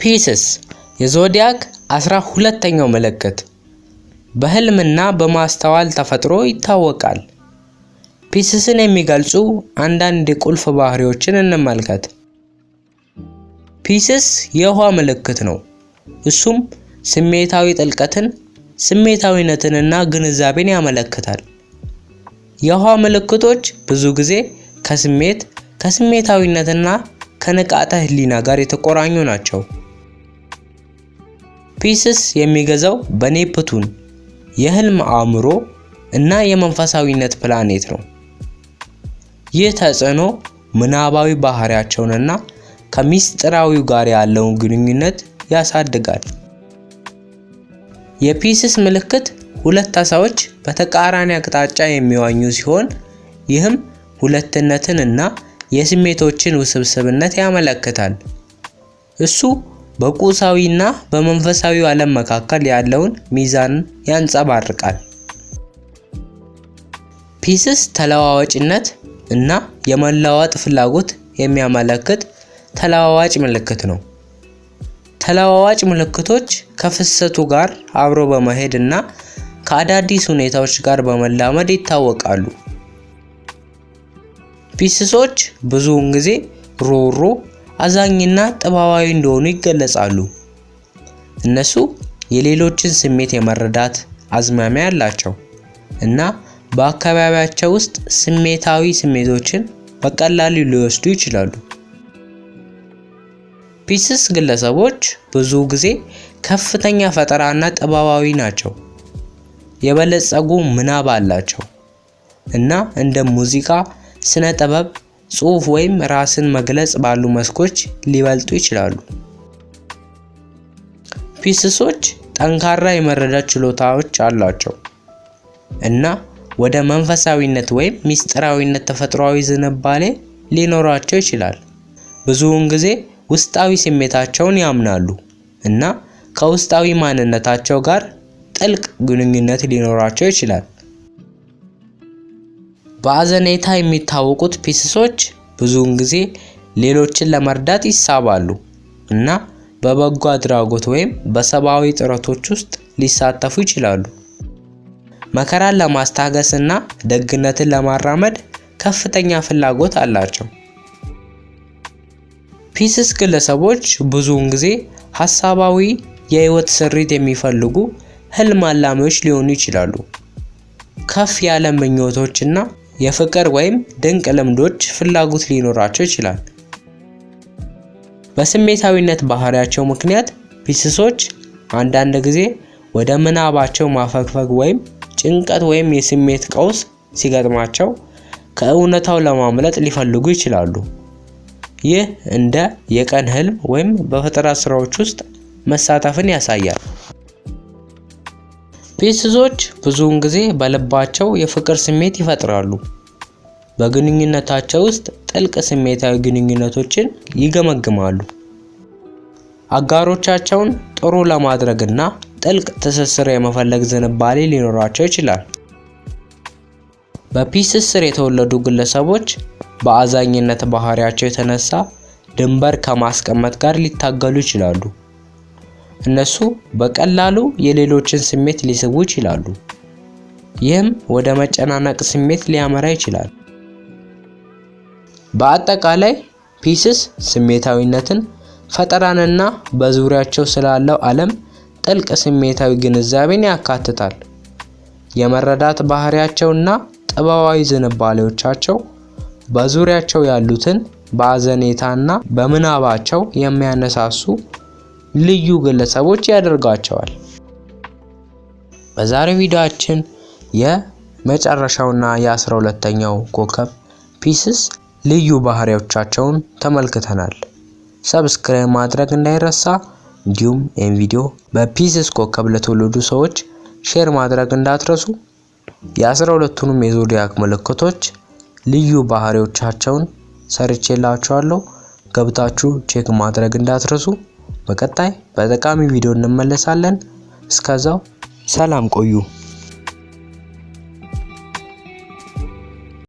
ፒስስ የዞዲያክ አስራ ሁለተኛው መለከት በህልምና በማስተዋል ተፈጥሮ ይታወቃል። ፒስስን የሚገልጹ አንዳንድ የቁልፍ ባህሪዎችን እንመልከት። ፒስስ የውሃ ምልክት ነው። እሱም ስሜታዊ ጥልቀትን፣ ስሜታዊነትንና ግንዛቤን ያመለክታል። የውሃ ምልክቶች ብዙ ጊዜ ከስሜት ከስሜታዊነትና ከንቃተ ህሊና ጋር የተቆራኙ ናቸው። ፒስስ የሚገዛው በኔፕቱን የህልም አእምሮ እና የመንፈሳዊነት ፕላኔት ነው። ይህ ተጽዕኖ ምናባዊ ባህሪያቸውንና ከሚስጥራዊው ጋር ያለውን ግንኙነት ያሳድጋል። የፒስስ ምልክት ሁለት አሳዎች በተቃራኒ አቅጣጫ የሚዋኙ ሲሆን ይህም ሁለትነትን እና የስሜቶችን ውስብስብነት ያመለክታል። እሱ በቁሳዊና በመንፈሳዊ ዓለም መካከል ያለውን ሚዛን ያንጸባርቃል። ፒስስ ተለዋዋጭነት እና የመለዋወጥ ፍላጎት የሚያመለክት ተለዋዋጭ ምልክት ነው። ተለዋዋጭ ምልክቶች ከፍሰቱ ጋር አብሮ በመሄድ እና ከአዳዲስ ሁኔታዎች ጋር በመላመድ ይታወቃሉ። ፒስሶች ብዙውን ጊዜ ሮሮ አዛኝና ጥበባዊ እንደሆኑ ይገለጻሉ። እነሱ የሌሎችን ስሜት የመረዳት አዝማሚያ ያላቸው እና በአካባቢያቸው ውስጥ ስሜታዊ ስሜቶችን በቀላሉ ሊወስዱ ይችላሉ። ፒስስ ግለሰቦች ብዙ ጊዜ ከፍተኛ ፈጠራና ጥበባዊ ናቸው። የበለጸጉ ምናብ አላቸው እና እንደ ሙዚቃ፣ ስነ ጥበብ ጽሑፍ ወይም ራስን መግለጽ ባሉ መስኮች ሊበልጡ ይችላሉ። ፒስሶች ጠንካራ የመረዳት ችሎታዎች አሏቸው እና ወደ መንፈሳዊነት ወይም ምስጢራዊነት ተፈጥሯዊ ዝንባሌ ሊኖራቸው ይችላል። ብዙውን ጊዜ ውስጣዊ ስሜታቸውን ያምናሉ እና ከውስጣዊ ማንነታቸው ጋር ጥልቅ ግንኙነት ሊኖራቸው ይችላል። በአዘኔታ የሚታወቁት ፒስሶች ብዙውን ጊዜ ሌሎችን ለመርዳት ይሳባሉ እና በበጎ አድራጎት ወይም በሰብአዊ ጥረቶች ውስጥ ሊሳተፉ ይችላሉ። መከራን ለማስታገስ እና ደግነትን ለማራመድ ከፍተኛ ፍላጎት አላቸው። ፒስስ ግለሰቦች ብዙውን ጊዜ ሀሳባዊ የህይወት ስሪት የሚፈልጉ ህልም አላሚዎች ሊሆኑ ይችላሉ። ከፍ ያለ ምኞቶች እና የፍቅር ወይም ድንቅ ልምዶች ፍላጎት ሊኖራቸው ይችላል። በስሜታዊነት ባህሪያቸው ምክንያት ፒስሶች አንዳንድ ጊዜ ወደ ምናባቸው ማፈግፈግ ወይም ጭንቀት ወይም የስሜት ቀውስ ሲገጥማቸው ከእውነታው ለማምለጥ ሊፈልጉ ይችላሉ። ይህ እንደ የቀን ህልም ወይም በፈጠራ ስራዎች ውስጥ መሳተፍን ያሳያል። ፒስሶች ብዙውን ጊዜ በልባቸው የፍቅር ስሜት ይፈጥራሉ። በግንኙነታቸው ውስጥ ጥልቅ ስሜታዊ ግንኙነቶችን ይገመግማሉ። አጋሮቻቸውን ጥሩ ለማድረግና ጥልቅ ትስስር የመፈለግ ዝንባሌ ሊኖራቸው ይችላል። በፒስስ ስር የተወለዱ ግለሰቦች በአዛኝነት ባህሪያቸው የተነሳ ድንበር ከማስቀመጥ ጋር ሊታገሉ ይችላሉ። እነሱ በቀላሉ የሌሎችን ስሜት ሊስቡ ይችላሉ። ይህም ወደ መጨናነቅ ስሜት ሊያመራ ይችላል። በአጠቃላይ ፒስስ ስሜታዊነትን፣ ፈጠራንና በዙሪያቸው ስላለው ዓለም ጥልቅ ስሜታዊ ግንዛቤን ያካትታል። የመረዳት ባህሪያቸውና ጥበባዊ ዝንባሌዎቻቸው በዙሪያቸው ያሉትን በአዘኔታና በምናባቸው የሚያነሳሱ ልዩ ግለሰቦች ያደርጋቸዋል። በዛሬው ቪዲዮአችን የመጨረሻውና የአስራ ሁለተኛው ኮከብ ፒስስ ልዩ ባህሪዎቻቸውን ተመልክተናል። ሰብስክራይብ ማድረግ እንዳይረሳ፣ እንዲሁም ይህን ቪዲዮ በፒስስ ኮከብ ለተወለዱ ሰዎች ሼር ማድረግ እንዳትረሱ። የአስራ ሁለቱንም የዞዲያክ ምልክቶች ልዩ ባህሪዎቻቸውን ሰርቼላችኋለሁ። ገብታችሁ ቼክ ማድረግ እንዳትረሱ። በቀጣይ በጠቃሚ ቪዲዮ እንመለሳለን። እስከዛው ሰላም ቆዩ።